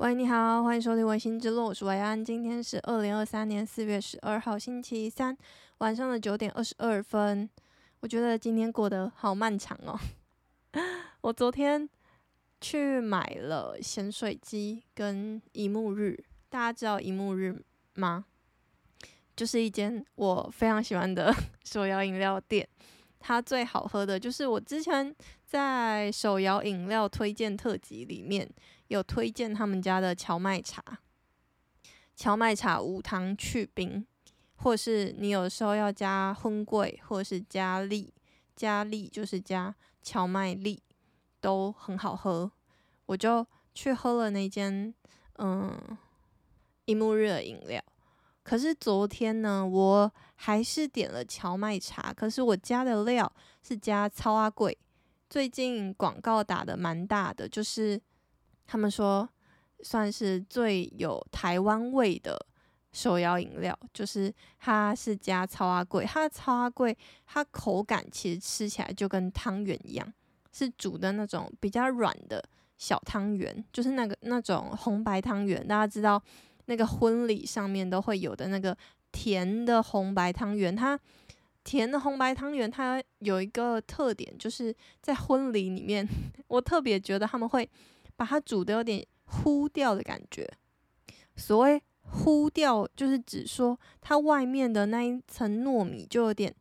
喂，你好，歡迎收聽《薇心之論》，我是維安，今天是二零二三年四月十二號星期三晚上的九點二十二分。我覺得今天過得好漫長哦。 我昨天去買了鹹水雞跟一沐日，大家知道一沐日嗎？就是一間我非常喜歡的 手搖飲料店，它最好喝的就是我之前在手搖飲料推薦特輯裡面。有推薦他們家的蕎麥茶，蕎麥茶無糖去冰，或是你有時候要加粉粿，或是加粒，加粒就是加蕎麥粒，都很好喝。我就去喝了那間，嗯，一沐日飲料。可是昨天呢，我還是點了蕎麥茶，可是我加的料是加草仔粿，最近廣告打的蠻大的，就是。他們說，算是最有台灣味的手搖飲料，就是它是加草仔粿，它的草仔粿，它口感其實吃起來就跟湯圓一樣，是煮的那種比較軟的小湯圓，就是那個那種紅白湯圓，大家知道那個婚禮上面都會有的那個甜的紅白湯圓，它甜的紅白湯圓它有一個特點，就是在婚禮裡面，我特別覺得他們會。把它煮得有點糊掉的感覺，所謂糊掉就是指說它外面的那一層糯米就有點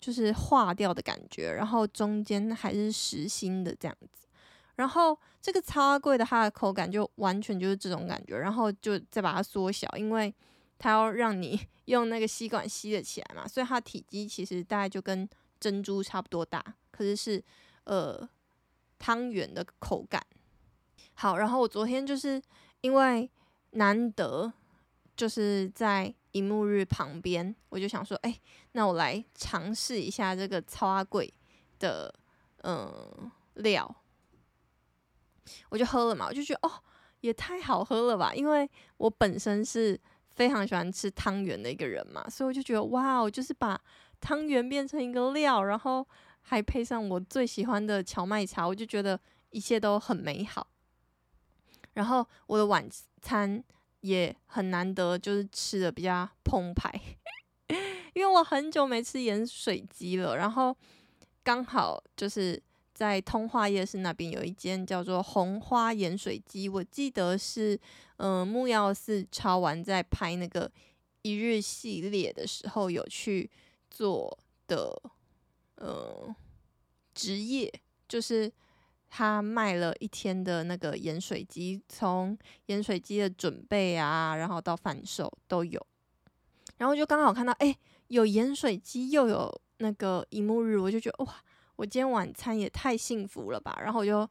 就是化掉的感覺，然後中間還是實心的這樣子。然後這個超貴的它的口感就完全就是這種感覺，然後就再把它縮小，因為它要讓你用那個吸管吸得起來嘛，所以它體積其實大概就跟珍珠差不多大，可是是呃湯圓的口感。好，然後我昨天就是因為難得就是在一沐日旁邊，我就想說，哎、欸，那我來嘗試一下這個草仔粿的嗯、呃、料，我就喝了嘛，我就覺得哦，也太好喝了吧！因為我本身是非常喜歡吃湯圓的一個人嘛，所以我就覺得哇，就是把湯圓變成一個料，然後還配上我最喜歡的蕎麥茶，我就覺得一切都很美好。然後我的晚餐也很難得，就是吃的比較澎湃，因為我很久沒吃鹽水雞了。然後剛好就是在通化夜市那邊有一間叫做紅花鹽水雞，我記得是嗯、呃、木曜4超玩在拍那個一日系列的時候有去做的，呃，職業就是。他賣了一天的那個鹽水雞，從鹽水雞的準備啊，然後到販售都有。然後就剛好看到，哎、欸，有鹽水雞又有那個一沐日，我就覺得哇，我今天晚餐也太幸福了吧！然後我就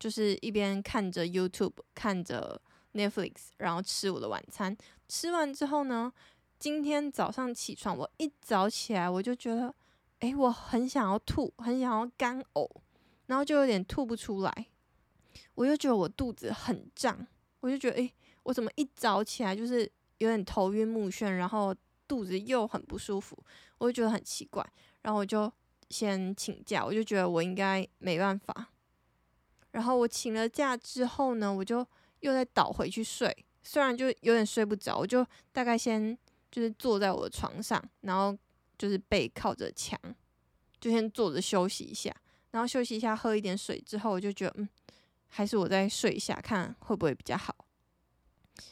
就是一邊看着 YouTube，看着 Netflix，然後吃我的晚餐。吃完之後呢，今天早上起床，我一早起來我就覺得，哎、欸，我很想要吐，很想要乾嘔。然後就有點吐不出來，我就覺得我肚子很脹，我就覺得，誒，我怎麼一早起來就是有點頭暈目眩，然後肚子又很不舒服，我就覺得很奇怪。然後我就先請假，我就覺得我應該沒辦法。然後我請了假之後呢，我就又再倒回去睡，雖然就有點睡不着，我就大概先就是坐在我的床上，然後就是背靠着牆，就先坐着休息一下。然後休息一下，喝一點水之後，我就覺得，嗯，還是我再睡一下，看會不會比較好。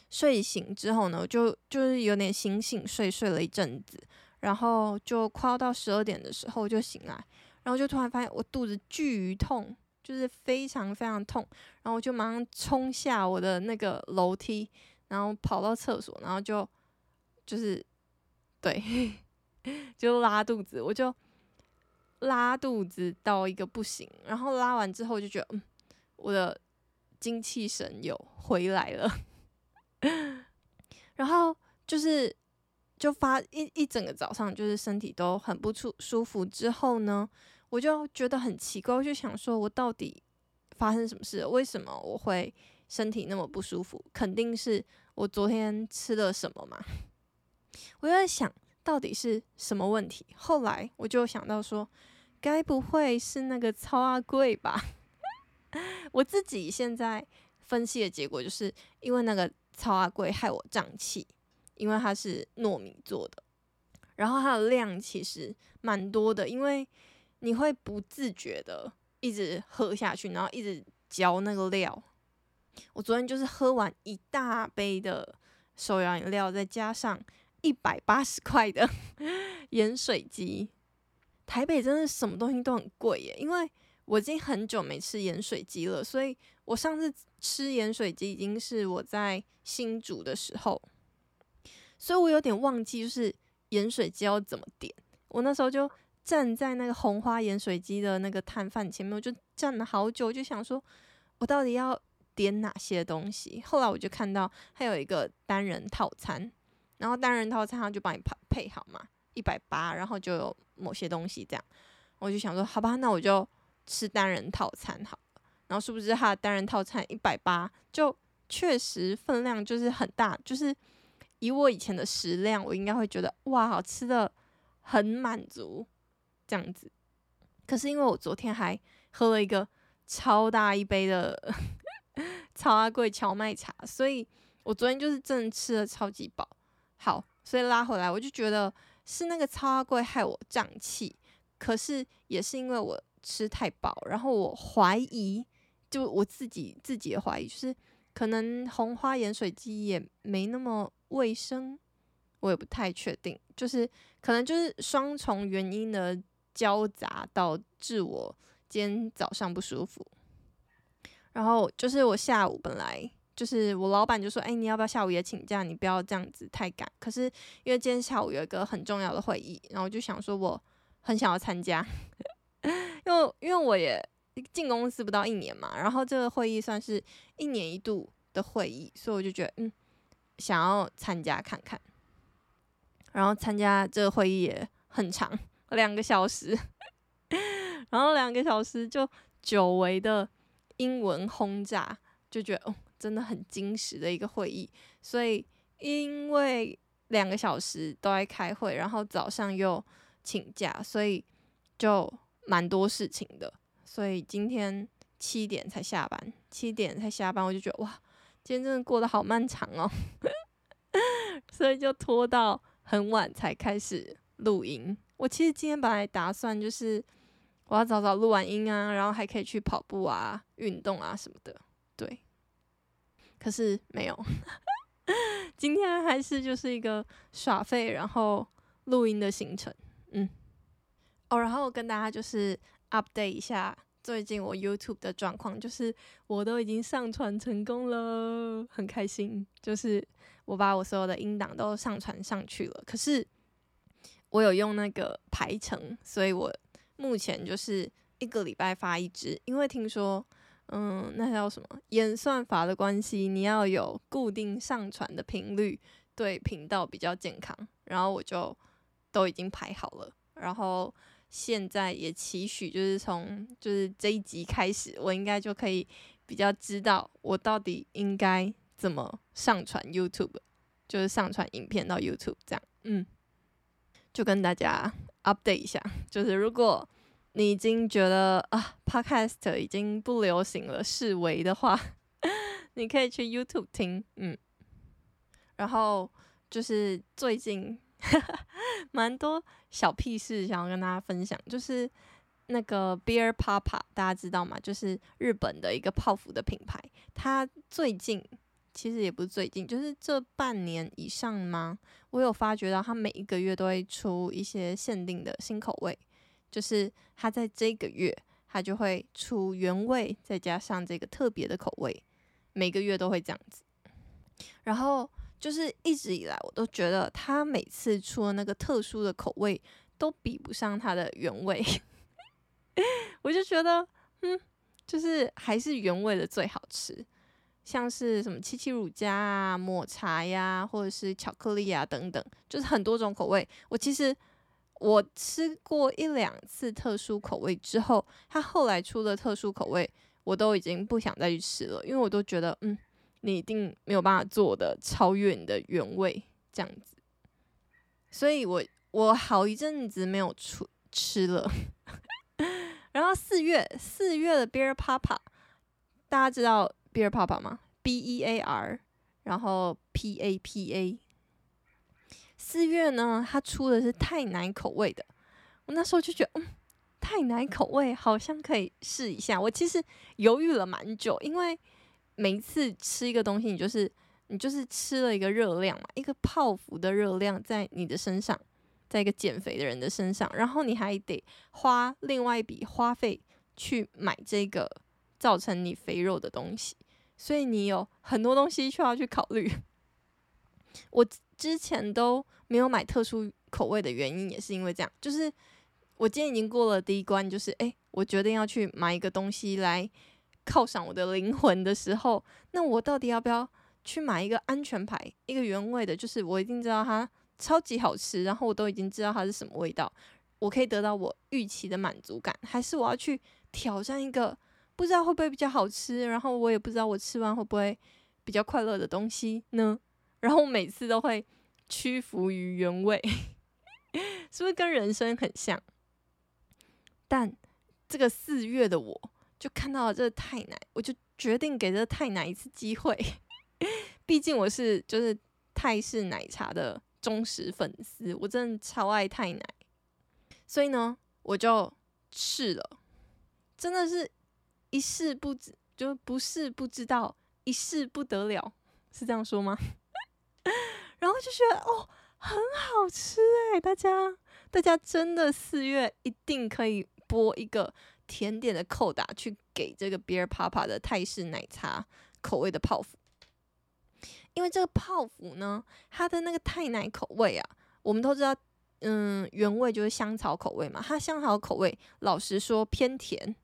睡醒之後呢，我就就是有點醒醒睡睡了一陣子，然後就快要到十二點的時候就醒來，然後就突然發現我肚子巨痛，就是非常非常痛，然後我就馬上衝下我的那個樓梯，然後跑到廁所，然後就就是對， 就拉肚子，我就。拉肚子到一個不行，然後拉完之後就覺得，嗯，我的精氣神又回來了。 然後就是，就發一一整個早上，就是身體都很不舒舒服。之後呢，我就覺得很奇怪，我就想說，我到底發生什麼事？為什麼我會身體那麼不舒服？肯定是我昨天吃了什麼嘛。我就在想，到底是什麼問題？後來我就想到說，該不會是那個草仔粿吧？ 我自己現在分析的結果就是因為那個草仔粿害我脹氣，因為它是糯米做的，然後它的量其實蠻多的，因為你會不自覺的一直喝下去，然後一直嚼那個料。我昨天就是喝完一大杯的手搖飲料，再加上一百八十塊的 鹽水雞。台北真的什麼東西都很貴耶，因為我已經很久沒吃鹽水雞了，所以我上次吃鹽水雞已經是我在新竹的時候，所以我有點忘記就是鹽水雞要怎麼點。我那時候就站在那個紅花鹽水雞的那個攤販前面，我就站了好久，就想說我到底要點哪些東西。後來我就看到還有一個單人套餐，然後單人套餐他就幫你配好嘛，一百八，然後就有。某些東西這樣，我就想說，好吧，那我就吃單人套餐好了。然後是不是他的單人套餐一百八？就確實分量就是很大，就是以我以前的食量，我應該會覺得哇，好吃得很滿足這樣子。可是因為我昨天還喝了一個超大一杯的 超阿貴蕎麥茶，所以我昨天就是真的吃得超級飽。好，所以拉回來，我就覺得。是那個草仔粿害我脹氣，可是也是因為我吃太飽，然後我懷疑，就我自己自己也懷疑，就是可能紅花鹽水雞也沒那麼衛生，我也不太確定，就是可能就是雙重原因的交雜，導致我今天早上不舒服，然後就是我下午本來。就是我老闆就說：“哎、欸，你要不要下午也請假？你不要這樣子太趕。”可是因為今天下午有一個很重要的會議，然後我就想說我很想要參加，因為因為我也進公司不到一年嘛，然後這個會議算是一年一度的會議，所以我就覺得嗯，想要參加看看。然後參加這個會議也很長，兩個小時，然後兩個小時就久違的英文轟炸，就覺得哦。真的很精實的一個會議，所以因為兩個小時都在開會，然後早上又請假，所以就蠻多事情的。所以今天七點才下班，七點才下班，我就覺得哇，今天真的過得好漫長哦。 所以就拖到很晚才開始錄音。我其實今天本來打算就是我要早早錄完音啊，然後還可以去跑步啊、運動啊什麼的。可是沒有， 今天還是就是一個耍廢，然後錄音的行程，嗯。哦、oh，然後我跟大家就是 update 一下最近我 YouTube 的狀況，就是我都已經上傳成功了，很開心。就是我把我所有的音檔都上傳上去了，可是我有用那個排程，所以我目前就是一個禮拜發一支，因為聽說。嗯，那叫什麼演算法的關係，你要有固定上傳的頻率，對頻道比較健康。然後我就都已經排好了，然後現在也期許，就是從就是這一集開始，我應該就可以比較知道我到底應該怎麼上傳 YouTube，就是上傳影片到 YouTube 這樣。嗯，就跟大家 update 一下，就是如果。你已經覺得啊，Podcast 已經不流行了。視為的話，你可以去 YouTube 聽。嗯，然後就是最近蠻多小屁事想要跟大家分享，就是那個 Beard Papa 大家知道嗎？就是日本的一個泡芙的品牌。它最近其實也不是最近，就是這半年以上嗎？我有發覺到它每一個月都會出一些限定的新口味。就是它在這個月，它就會出原味，再加上這個特別的口味，每個月都會這樣子。然後就是一直以來，我都覺得它每次出的那個特殊的口味，都比不上它的原味。 我就覺得，嗯，就是還是原味的最好吃。像是什麼七七乳加啊、抹茶呀、啊，或者是巧克力呀、啊、等等，就是很多種口味。我其實。我吃過一兩次特殊口味之後，他後來出了特殊口味，我都已經不想再去吃了，因為我都覺得，嗯，你一定沒有辦法做的超越你的原味這樣子，所以我我好一陣子沒有出吃了。 然後四月四月的 Bear Papa，大家知道 Bear Papa 嗎？B E A R，然後 P A P A。四月呢，他出的是泰奶口味的。我那時候就覺得，嗯，泰奶口味好像可以試一下。我其實猶豫了蠻久，因為每一次吃一個東西，你就是你就是吃了一個熱量嘛，一個泡芙的熱量在你的身上，在一個減肥的人的身上，然後你還得花另外一筆花費去買這個造成你肥肉的東西，所以你有很多東西需要去考慮。我。之前都沒有買特殊口味的原因也是因為這樣，就是我今天已經過了第一關，就是哎、欸，我決定要去買一個東西來犒賞我的靈魂的時候，那我到底要不要去買一個安全牌，一個原味的，就是我一定知道它超級好吃，然後我都已經知道它是什麼味道，我可以得到我預期的滿足感，還是我要去挑戰一個不知道會不會比較好吃，然後我也不知道我吃完會不會比較快樂的東西呢？然後每次都會屈服於原味，是不是跟人生很像？但這個四月的我就看到了這個泰奶，我就決定給這個泰奶一次機會。畢竟我是就是泰式奶茶的忠實粉絲，我真的超愛泰奶，所以呢，我就試了，真的是一試不知，就不是不知道，一試不得了，是這樣說嗎？我就覺得哦，很好吃哎！大家，大家真的四月一定可以播一個甜點的扣打去給這個 Beard Papa 的泰式奶茶口味的泡芙，因為這個泡芙呢，它的那個泰奶口味啊，我們都知道，嗯，原味就是香草口味嘛，它香草口味老實說偏甜，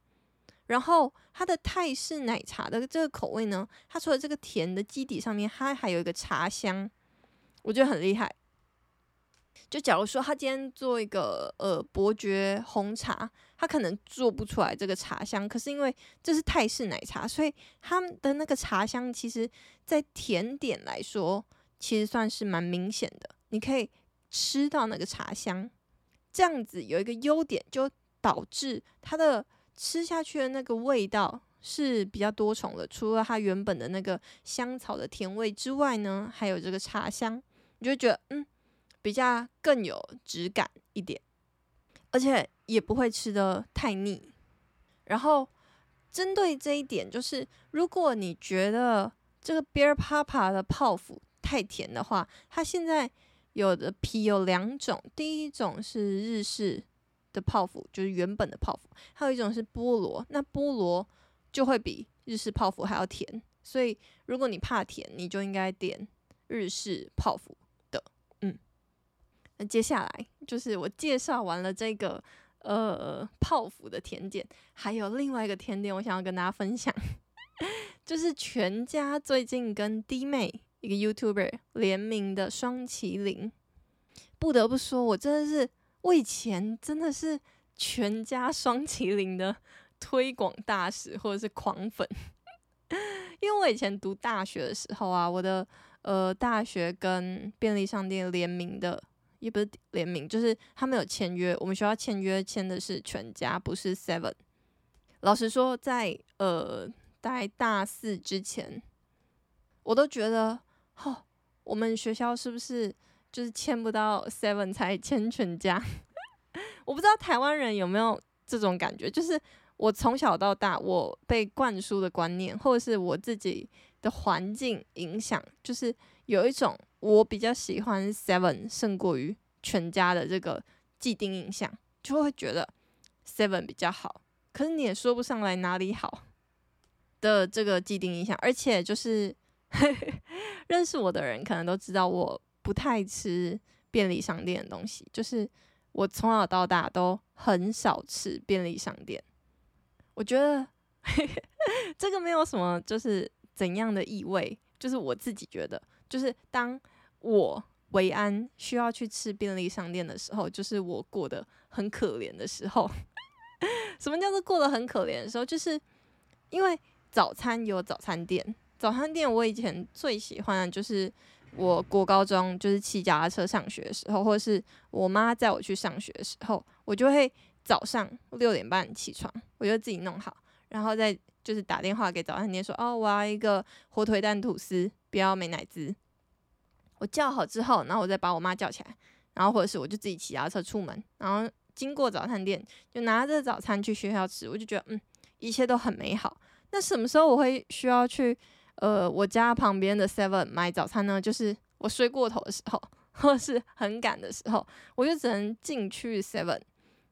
然後它的泰式奶茶的這個口味呢，它除了這個甜的基底上面，它還有一個茶香。我覺得很厲害。就假如說他今天做一個呃伯爵紅茶，他可能做不出來這個茶香，可是因為這是泰式奶茶，所以他們的那個茶香，其實在甜點來說，其實算是蠻明顯的。你可以吃到那個茶香，這樣子有一個優點，就導致它的吃下去的那個味道是比較多重的。除了它原本的那個香草的甜味之外呢，還有這個茶香。你就覺得嗯，比較更有質感一點，而且也不會吃得太膩。然後針對這一點，就是如果你覺得這個 Beard Papa's 的泡芙太甜的話，它現在有的皮有兩種，第一種是日式的泡芙，就是原本的泡芙；還有一種是菠蘿，那菠蘿就會比日式泡芙還要甜。所以如果你怕甜，你就應該點日式泡芙。那接下來就是我介紹完了這個呃泡芙的甜點，還有另外一個甜點，我想要跟大家分享， 就是全家最近跟滴妹一個 YouTuber 聯名的霜淇淋。不得不說，我真的是我以前真的是全家霜淇淋的推廣大使或者是狂粉， 因為我以前讀大學的時候啊，我的呃大學跟便利商店聯名的。也不是聯名，就是他們有簽約，我們學校簽約簽的是全家，不是 Seven。老實說，在呃，在大、大四之前，我都覺得，哈、哦，我們學校是不是就是簽不到 Seven 才簽全家？ 我不知道台灣人有沒有這種感覺，就是我從小到大，我被灌輸的觀念，或者是我自己的環境影響，就是有一種。我比較喜歡 Seven 勝過於全家的這個既定印象，就會覺得 Seven 比較好。可是你也說不上來哪裡好的這個既定印象，而且就是呵呵，認識我的人可能都知道我不太吃便利商店的東西，就是我從小到大都很少吃便利商店。我覺得呵呵，這個沒有什麼，就是怎樣的意味，就是我自己覺得。就是當我維安需要去吃便利商店的時候，就是我過得很可憐的時候。 什麼叫做過得很可憐的時候？就是因為早餐有早餐店，早餐店我以前最喜歡的，就是我國高中就是騎腳踏車上學的時候，或者是我媽載我去上學的時候，我就會早上六點半起床，我就自己弄好，然後再就是打電話給早餐店說：“哦，我要一個火腿蛋吐司。”不要美乃滋。我叫好之後，然後我再把我媽叫起來，然後或者是我就自己騎着車出門，然後經過早餐店，就拿着早餐去學校吃。我就覺得，嗯，一切都很美好。那什麼時候我會需要去呃我家旁邊的 Seven 買早餐呢？就是我睡過頭的時候，或者是很趕的時候，我就只能進去 Seven，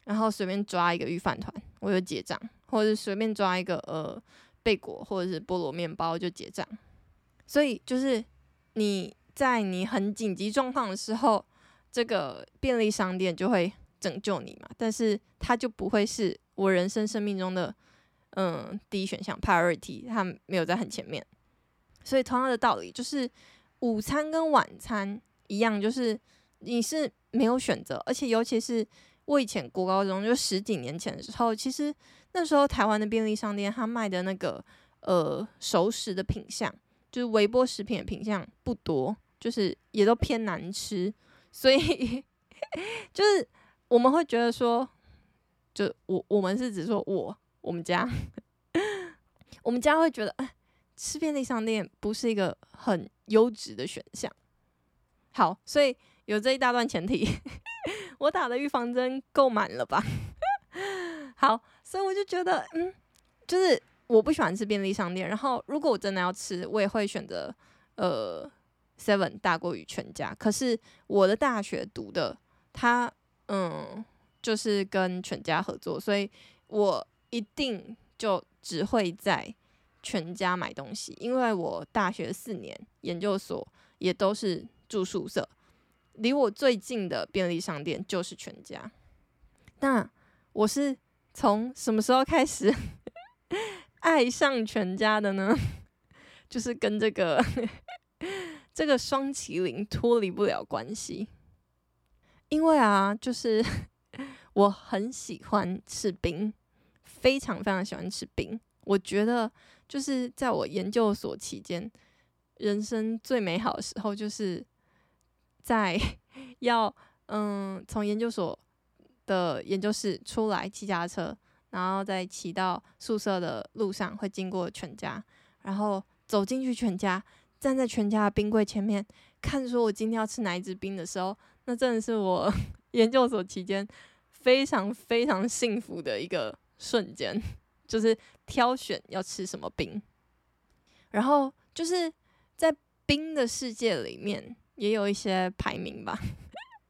然後隨便抓一個御飯糰我就結賬，或者隨便抓一個呃貝果或者是菠蘿麵包就結賬。所以就是你在你很緊急狀況的時候，這個便利商店就會拯救你嘛。但是它就不會是我人生生命中的嗯、呃、第一選項 priority，它沒有在很前面。所以同樣的道理，就是午餐跟晚餐一樣，就是你是沒有選擇。而且尤其是我以前國高中，就十幾年前的時候，其實那時候台灣的便利商店它賣的那個呃熟食的品項。就是微波食品的品項不多，就是也都偏難吃，所以 就是我們會覺得說，就我我們是只說我我們家， 我們家會覺得、呃，吃便利商店不是一個很優質的選項。好，所以有這一大段前提， 我打的預防針夠滿了吧？ 好，所以我就覺得，嗯，就是。我不喜歡吃便利商店，然後如果我真的要吃，我也會選擇呃，Seven 大過於全家。可是我的大學讀的，他嗯，就是跟全家合作，所以我一定就只會在全家買東西，因為我大學四年，研究所也都是住宿舍，離我最近的便利商店就是全家。那我是從什麼時候開始？ 愛上全家的呢，就是跟這個 這個霜淇淋脫離不了關係，因為啊，就是我很喜歡吃冰，非常非常喜歡吃冰。我覺得就是在我研究所期間，人生最美好的時候，就是在要嗯，從研究所的研究室出來，騎機車。然後在騎到宿舍的路上會經過全家，然後走進去全家，站在全家的冰櫃前面，看說我今天要吃哪一支冰的時候，那真的是我研究所期間非常非常幸福的一個瞬間，就是挑選要吃什麼冰，然後就是在冰的世界裡面也有一些排名吧，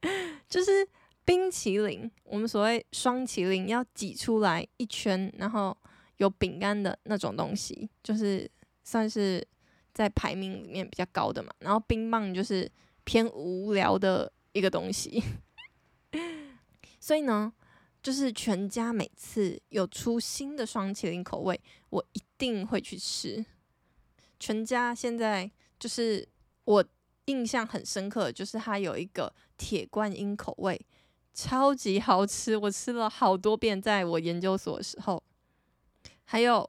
呵呵就是。冰淇淋，我們所謂霜淇淋要擠出來一圈，然後有餅乾的那種東西，就是算是在排名裡面比較高的嘛。然後冰棒就是偏無聊的一個東西。 所以呢，就是全家每次有出新的霜淇淋口味，我一定會去吃。全家現在就是我印象很深刻，就是它有一個鐵觀音口味。超級好吃，我吃了好多遍，在我研究所的時候。還有，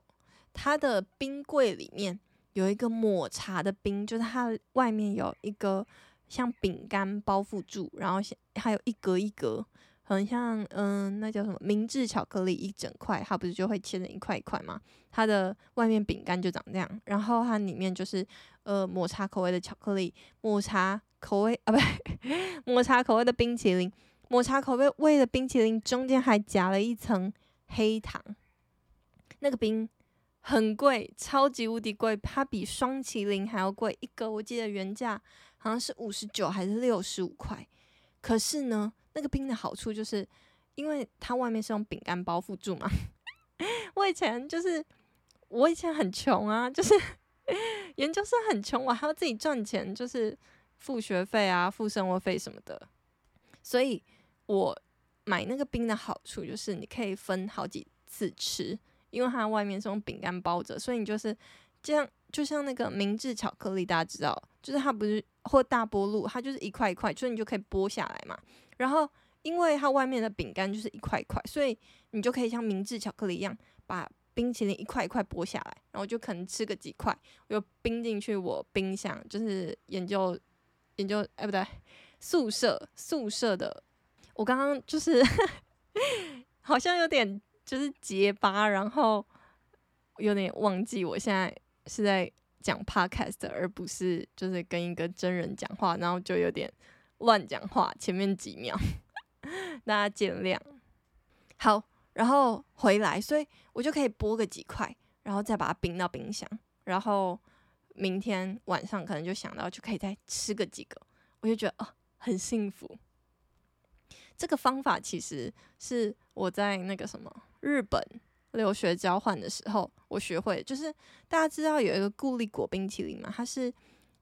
它的冰櫃裡面有一個抹茶的冰，就是它外面有一個像餅乾包覆住，然後還有一格一格，很像嗯、呃，那叫什麼明治巧克力一整塊，它不是就會切成一塊一塊嗎？它的外面餅乾就長這樣，然後它裡面就是呃抹茶口味的巧克力，抹茶口味啊，不是抹茶口味的冰淇淋。抹茶口味味的冰淇淋，中間還夾了一層黑糖，那個冰很貴，超級無敵貴，它比雙淇淋還要貴，一個我記得原價好像是五十九還是六十五塊。可是呢，那個冰的好處就是，因為它外面是用餅乾包覆住嘛。 我以前就是，我以前很窮啊，就是研究生很窮，我還要自己賺錢，就是付學費啊，付生活費什麼的，所以。我買那個冰的好處就是你可以分好幾次吃，因為它外面是用餅乾包着，所以你就是這樣，就像那個明治巧克力，大家知道，就是它不是或大波露，它就是一塊一塊，所以你就可以剝下來嘛。然後因為它外面的餅乾就是一塊一塊，所以你就可以像明治巧克力一樣把冰淇淋一塊一塊剝下來，然後就可能吃個幾塊，又冰進去我冰箱，就是研究研究，哎、欸、不對，宿舍宿舍的。我剛剛就是好像有點就是結巴，然後有點忘記我現在是在講 podcast 的，而不是就是跟一個真人講話，然後就有點亂講話。前面幾秒大家見諒。好，然後回來，所以我就可以剝個幾塊，然後再把它冰到冰箱，然後明天晚上可能就想到就可以再吃個幾個，我就覺得哦、呃，很幸福。這個方法其實是我在那個什麼日本留學交換的時候我學會，就是大家知道有一個固力果冰淇淋嘛，它是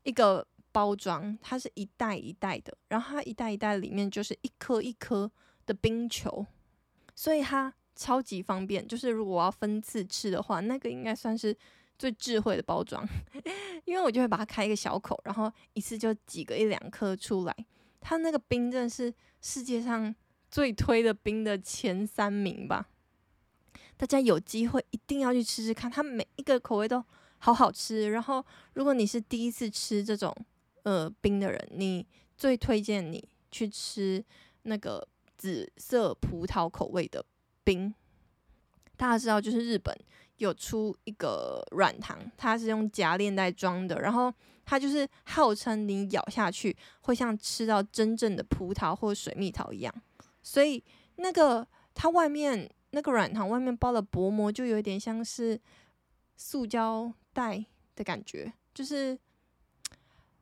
一個包裝，它是一袋一袋的，然後它一袋一袋裡面就是一顆一顆的冰球，所以它超級方便。就是如果我要分次吃的話，那個應該算是最智慧的包裝，因為我就會把它開一個小口，然後一次就擠個一兩顆出來。它那個冰真的是。世界上最推的冰的前三名吧，大家有機會一定要去吃吃看，它每一個口味都好好吃。然後，如果你是第一次吃這種呃冰的人，你最推薦你去吃那個紫色葡萄口味的冰。大家知道，就是日本有出一個軟糖，它是用夾鏈袋裝的，然後。它就是號稱你咬下去會像吃到真正的葡萄或水蜜桃一樣，所以那個它外面那個軟糖外面包的薄膜就有點像是塑膠袋的感覺，就是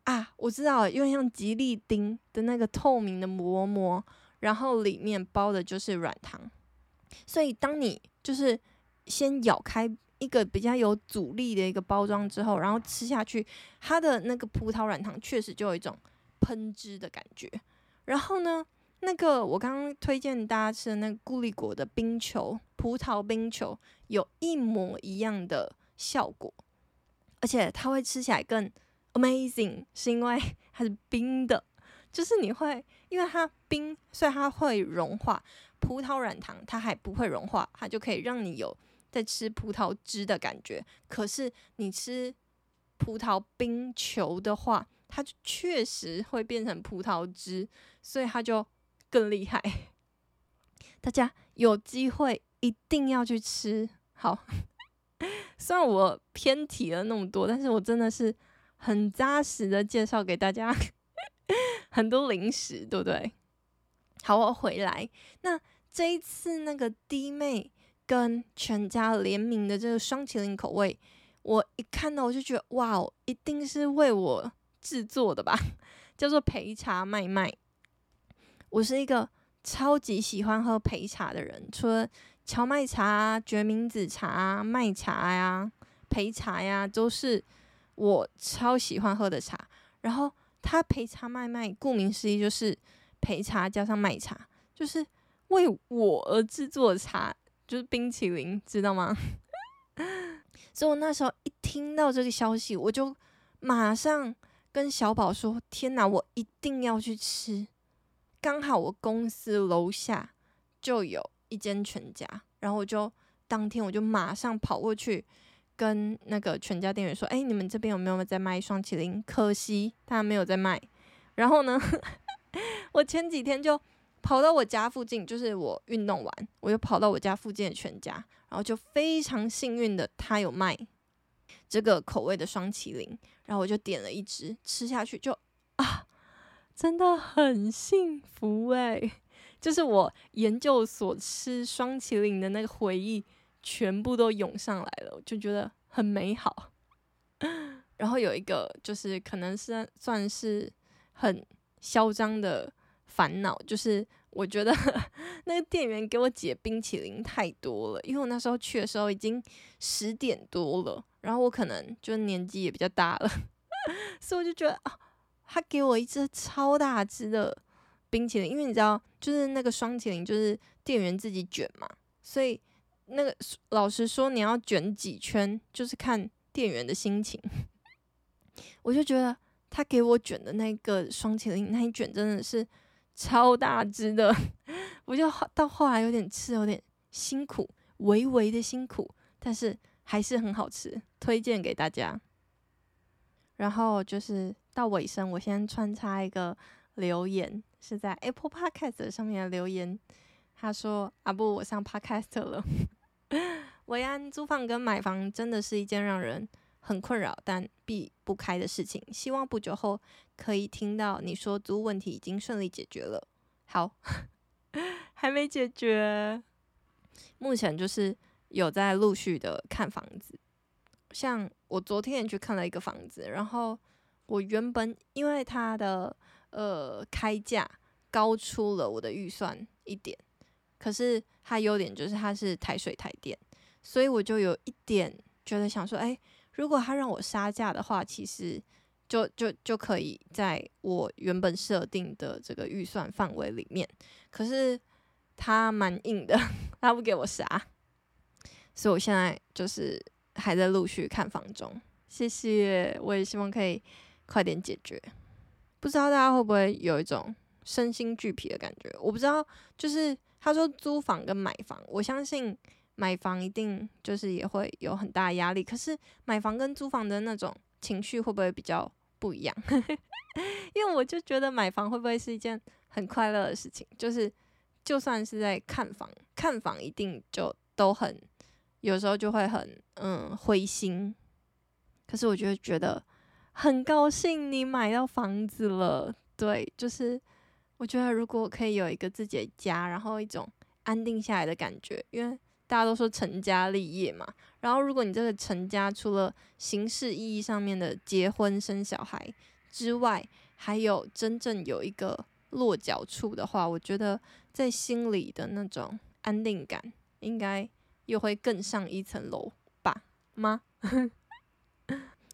啊，我知道了，有點像吉利丁的那個透明的薄膜、膜，然後裡面包的就是軟糖，所以當你就是先咬開。一個比較有阻力的一個包裝之後，然後吃下去，它的那個葡萄軟糖確實就有一種噴汁的感覺。然後呢，那個我剛剛推薦大家吃的那個固力果的冰球、葡萄冰球，有一模一樣的效果，而且它會吃起來更 amazing，是因為它是冰的，就是你會因為它冰，所以它會融化。葡萄軟糖它還不會融化，它就可以讓你有，在吃葡萄汁的感覺，可是你吃葡萄冰球的話，它確實會變成葡萄汁，所以它就更厲害。大家有機會一定要去吃。好，雖然我偏題了那麼多，但是我真的是很扎實的介紹給大家很多零食，對不對？好，我回來。那這一次那個滴妹。跟全家聯名的這個霜淇淋口味，我一看到我就覺得哇哦，一定是為我制作的吧？叫做培茶麥麥。我是一個超級喜歡喝培茶的人，除了蕎麥茶啊、決明子茶啊、麥茶呀、啊、培茶呀、啊，都是我超喜歡喝的茶。然後它培茶麥麥，顧名思義就是培茶加上麥茶，就是為我而制作的茶。就是冰淇淋，知道嗎？ 所以我那時候一聽到這個消息，我就馬上跟小寶說：“天哪，我一定要去吃！剛好我公司樓下就有一間全家，然後我就當天我就馬上跑過去跟那個全家店員說：‘哎、欸，你們這邊有沒有在賣雙淇淋？可惜他沒有在賣。然後呢， 我前幾天就……跑到我家附近，就是我運動完，我就跑到我家附近的全家，然後就非常幸運的，他有賣這個口味的霜淇淋，然後我就點了一只，吃下去就啊，真的很幸福哎、欸，就是我研究所吃霜淇淋的那個回憶全部都湧上來了，我就覺得很美好。然後有一個就是可能是算是很囂張的。煩惱就是，我覺得那個店員給我擠冰淇淋太多了，因為我那時候去的時候已經十點多了，然後我可能就年紀也比較大了， 所以我就覺得啊、哦，他給我一隻超大隻的冰淇淋，因為你知道，就是那個霜淇淋就是店員自己捲嘛，所以那個老實說，你要捲幾圈就是看店員的心情， 我就覺得他給我捲的那個霜淇淋那一捲真的是。超大隻的，我就到後來有點吃，有點辛苦，微微的辛苦，但是還是很好吃，推薦給大家。然後就是到尾聲，我先穿插一個留言，是在 Apple Podcast 上面的留言。他說：“啊不，我上 Podcast 了。 ”維安，租房跟買房真的是一件讓人……很困擾但避不開的事情，希望不久後可以聽到你說租問題已經順利解決了。好， 還沒解決。目前就是有在陸續的看房子，像我昨天也去看了一個房子，然後我原本因為它的呃開價高出了我的預算一點，可是它優點就是它是台水台電，所以我就有一點覺得想說，哎、欸。如果他讓我殺價的話，其實就就就可以在我原本設定的這個預算範圍裡面。可是他蠻硬的，他不給我殺，所以我現在就是還在陸續看房中。謝謝，我也希望可以快點解決。不知道大家會不會有一種身心俱疲的感覺？我不知道，就是他說租房跟買房，我相信。買房一定就是也會有很大壓力，可是買房跟租房的那種情緒會不會比較不一樣？ 因為我就覺得買房會不會是一件很快樂的事情？就是就算是在看房，看房一定就都很，有時候就會很嗯灰心。可是我就會覺得很高興你買到房子了，對，就是我覺得如果可以有一個自己的家，然後一種安定下來的感覺，因為。大家都說成家立業嘛，然後如果你這個成家除了形式意義上面的結婚生小孩之外，還有真正有一個落腳處的話，我覺得在心裡的那種安定感應該又會更上一層樓吧？嗎？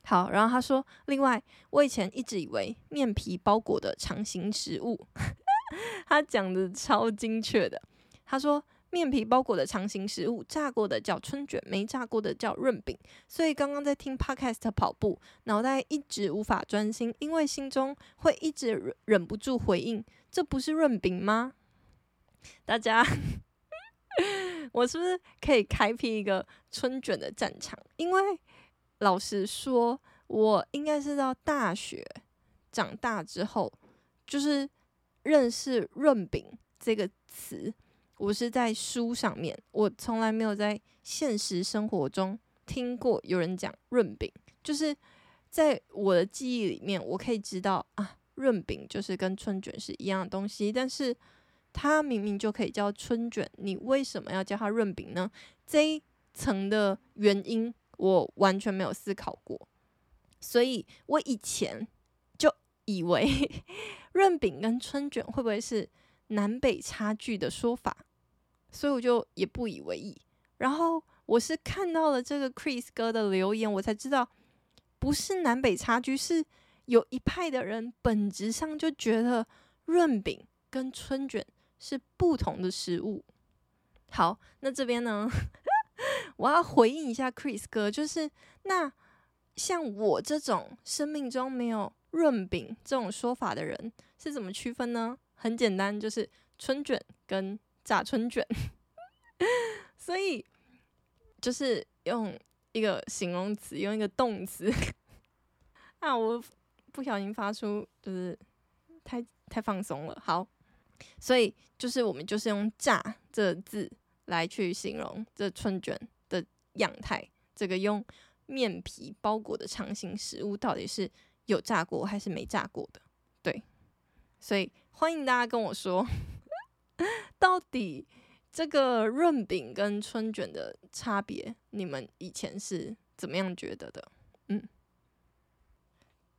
好，然後他說，另外我以前一直以為麵皮包裹的長形食物， 他講得超精確的，他說。麵皮包裹的長形食物，炸過的叫春捲，沒炸過的叫潤餅。所以剛剛在聽 Podcast 跑步，腦袋一直無法專心，因為心中會一直忍，忍不住回應：“這不是潤餅嗎？”大家， 我是不是可以開闢一個春捲的戰場？因為老實說，我應該是到大學長大之後，就是認識潤餅這個詞。我是在書上面，我從來沒有在現實生活中聽過有人講潤餅。就是在我的記憶裡面，我可以知道啊，潤餅就是跟春卷是一樣的東西，但是它明明就可以叫春卷，你為什麼要叫它潤餅呢？這一層的原因我完全沒有思考過，所以我以前就以為潤 餅跟春卷會不會是南北差距的說法？所以我就也不以為意，然後我是看到了這個 Chris 哥的留言，我才知道不是南北差距，是有一派的人本質上就覺得潤餅跟春卷是不同的食物。好，那這邊呢， 我要回應一下 Chris 哥，就是那像我這種生命中沒有潤餅這種說法的人是怎麼區分呢？很簡單，就是春卷跟，炸春卷， 所以就是用一個形容詞，用一個動詞。那、 啊、我不小心發出，就是太太放鬆了。好，所以就是我們就是用“炸”這字來去形容這春卷的樣態。這個用麵皮包裹的長形食物，到底是有炸過還是沒炸過的？對，所以歡迎大家跟我說。 到底這個潤餅跟春卷的差別，你們以前是怎麼樣覺得的？嗯，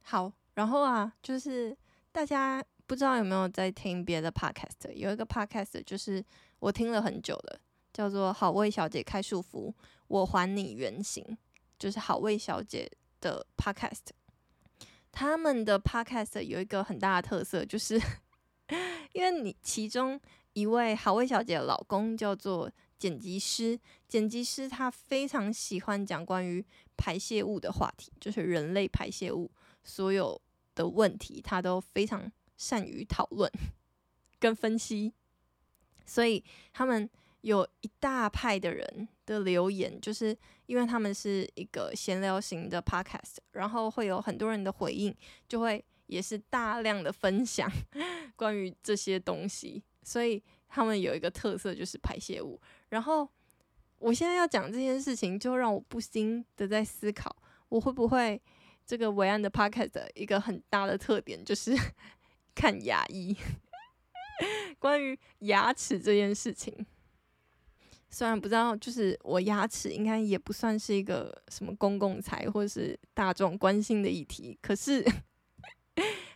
好，然後啊，就是大家不知道有沒有在聽別的 podcast，有一個 podcast，就是我聽了很久了，叫做《好味小姐開束縛》，我還你原形，就是好味小姐的 podcast。他們的 podcast 有一個很大的特色，就是 因為你其中。一位好味小姐的老公叫做剪輯師，剪輯師他非常喜歡講關於排泄物的話題，就是人類排泄物所有的問題，他都非常善於討論跟分析。所以他們有一大派的人的留言，就是因為他們是一個閒聊型的 podcast，然後會有很多人的回應，就會也是大量的分享關於這些東西。所以他們有一個特色就是排泄物，然後我現在要講這件事情，就讓我不禁的在思考，我會不會這個薇心的 podcast 的一個很大的特點就是看牙醫。關於牙齒這件事情，雖然不知道，就是我牙齒應該也不算是一個什麼公共財或是大眾關心的議題，可是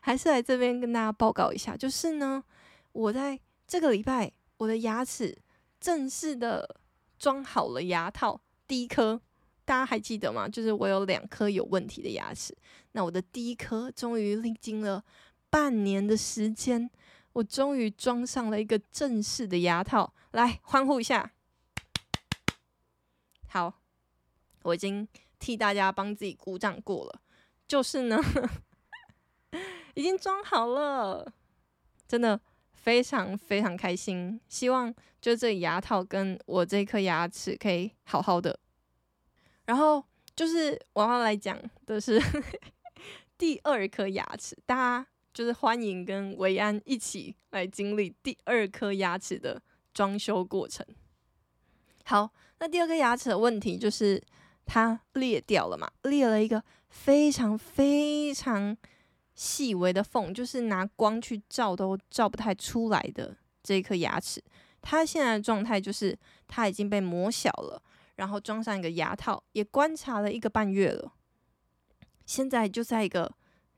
還是來這邊跟大家報告一下，就是呢，我在。這個禮拜，我的牙齒正式的裝好了牙套，第一顆，大家還記得嗎？就是我有兩顆有問題的牙齒，那我的第一顆終於歷經了半年的時間，我終於裝上了一個正式的牙套，來歡呼一下！好，我已經替大家幫自己鼓掌過了，就是呢， 已經裝好了，真的。非常非常開心，希望就這牙套跟我這顆牙齒可以好好的。然後就是我要來講的是 第二顆牙齒，大家就是歡迎跟維安一起來經歷第二顆牙齒的裝修過程。好，那第二顆牙齒的問題就是它裂掉了嘛，裂了一個非常非常。細微的縫，就是拿光去照都照不太出來的這一顆牙齒，它現在的狀態就是它已經被磨小了，然後裝上一個牙套，也觀察了一個半月了。現在就在一個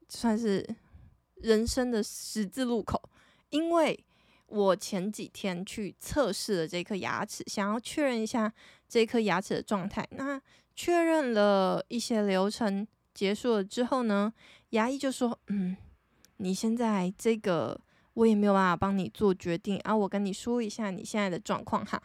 算是人生的十字路口，因為我前幾天去測試了這顆牙齒，想要確認一下這顆牙齒的狀態，那確認了一些流程。結束了之後呢，牙醫就說：“嗯，你現在這個我也沒有辦法幫你做決定啊，我跟你說一下你現在的狀況哈。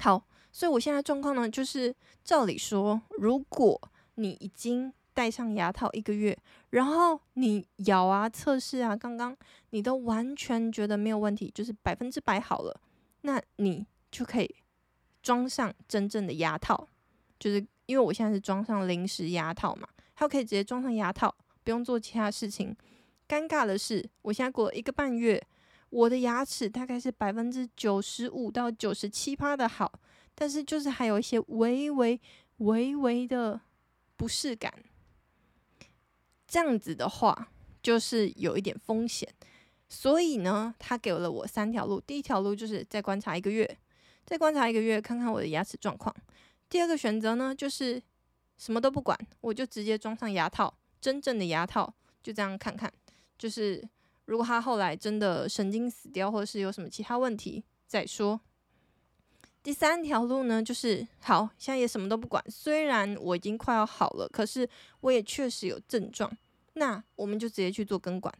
好，所以我現在狀況呢，就是照理說，如果你已經戴上牙套一個月，然後你咬啊測試啊，剛剛你都完全覺得沒有問題，就是百分之百好了，那你就可以裝上真正的牙套，就是。”因為我現在是裝上臨時牙套嘛，還有可以直接裝上牙套，不用做其他事情。尷尬的是，我現在過了一個半月，我的牙齒大概是百分之九十五到九十七趴的好，但是就是還有一些微微微微的不適感。這樣子的話，就是有一點風險。所以呢，他給了我三條路，第一條路就是再觀察一個月，再觀察一個月，看看我的牙齒狀況。第二個選擇呢，就是什麼都不管，我就直接裝上牙套，真正的牙套，就這樣看看。就是如果他後來真的神經死掉，或者是有什麼其他問題再說。第三條路呢，就是好，現在也什麼都不管，雖然我已經快要好了，可是我也確實有症狀，那我們就直接去做根管。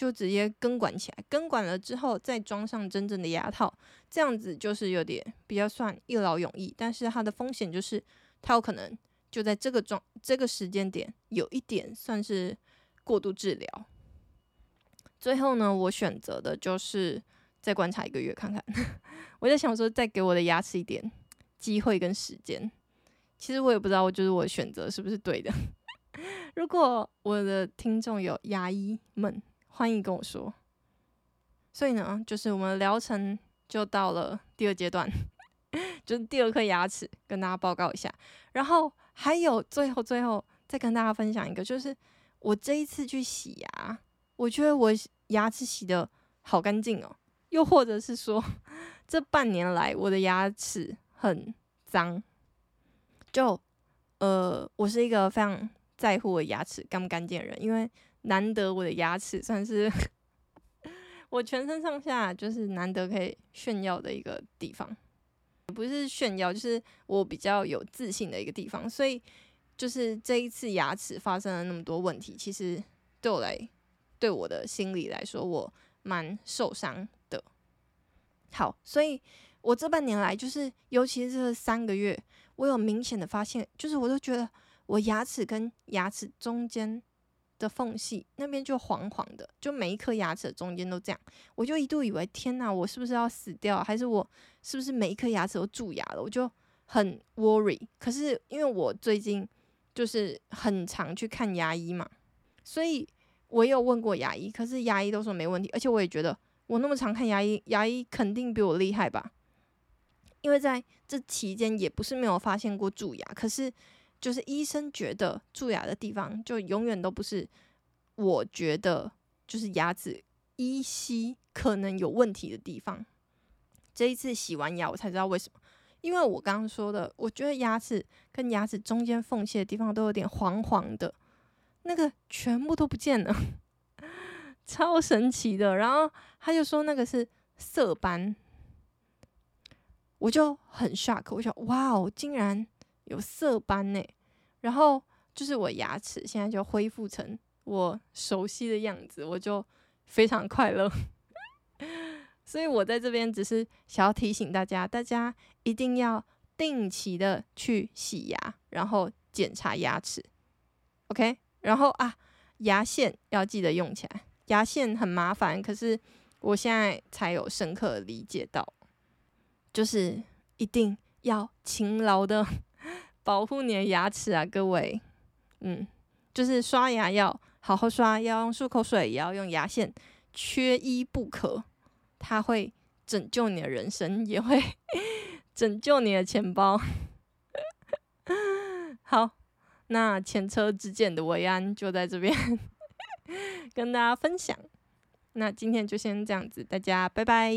就直接根管起來，根管了之後再裝上真正的牙套，這樣子就是有點比較算一勞永逸，但是它的風險就是它有可能就在這個狀，這個時間點有一點算是過度治療。最後呢，我選擇的就是再觀察一個月看看，我在想說再給我的牙齒一點機會跟時間。其實我也不知道，我覺得我選擇是不是對的。如果我的聽眾有牙醫們。歡迎跟我說。所以呢，就是我們的療程就到了第二階段， 就是第二顆牙齒，跟大家報告一下。然後還有最後最後再跟大家分享一個，就是我這一次去洗牙，我覺得我牙齒洗得好乾淨哦。又或者是說，這半年來我的牙齒很髒，就呃，我是一個非常在乎我牙齒乾不乾淨的人，因為。難得我的牙齒算是 我全身上下就是難得可以炫耀的一個地方，不是炫耀，就是我比較有自信的一個地方。所以就是這一次牙齒發生了那麼多問題，其實對我來，對我的心理來說，我蠻受傷的。好，所以我這半年來，就是尤其是這三個月，我有明顯的發現，就是我都覺得我牙齒跟牙齒中間。的縫隙那邊就黃黃的，就每一顆牙齒中間都這樣，我就一度以為天哪，我是不是要死掉，還是我是不是每一顆牙齒都蛀牙了？我就很 worry。可是因為我最近就是很常去看牙醫嘛，所以我也有問過牙醫，可是牙醫都說沒問題，而且我也覺得我那麼常看牙醫，牙醫肯定比我厲害吧？因為在這期間也不是沒有發現過蛀牙，可是。就是醫生覺得蛀牙的地方，就永遠都不是我覺得就是牙齒依稀可能有問題的地方。這一次洗完牙，我才知道為什麼，因為我剛剛說的，我覺得牙齒跟牙齒中間縫隙的地方都有點黃黃的，那個全部都不見了，超神奇的。然後他就說那個是色斑，我就很 shock，我說哇哦，竟然。有色斑呢，然後就是我牙齒現在就恢復成我熟悉的樣子，我就非常快樂。 所以我在這邊只是想要提醒大家，大家一定要定期的去洗牙，然後檢查牙齒，OK？然後啊，牙線要記得用起來。牙線很麻煩，可是我現在才有深刻理解到，就是一定要勤勞的。保護你的牙齒啊，各位，嗯，就是刷牙要好好刷，要用漱口水，也要用牙線，缺一不可。它會拯救你的人生，也會拯救你的錢包。 好，那前車之鑑的薇心就在這邊 跟大家分享。那今天就先這樣子，大家拜拜。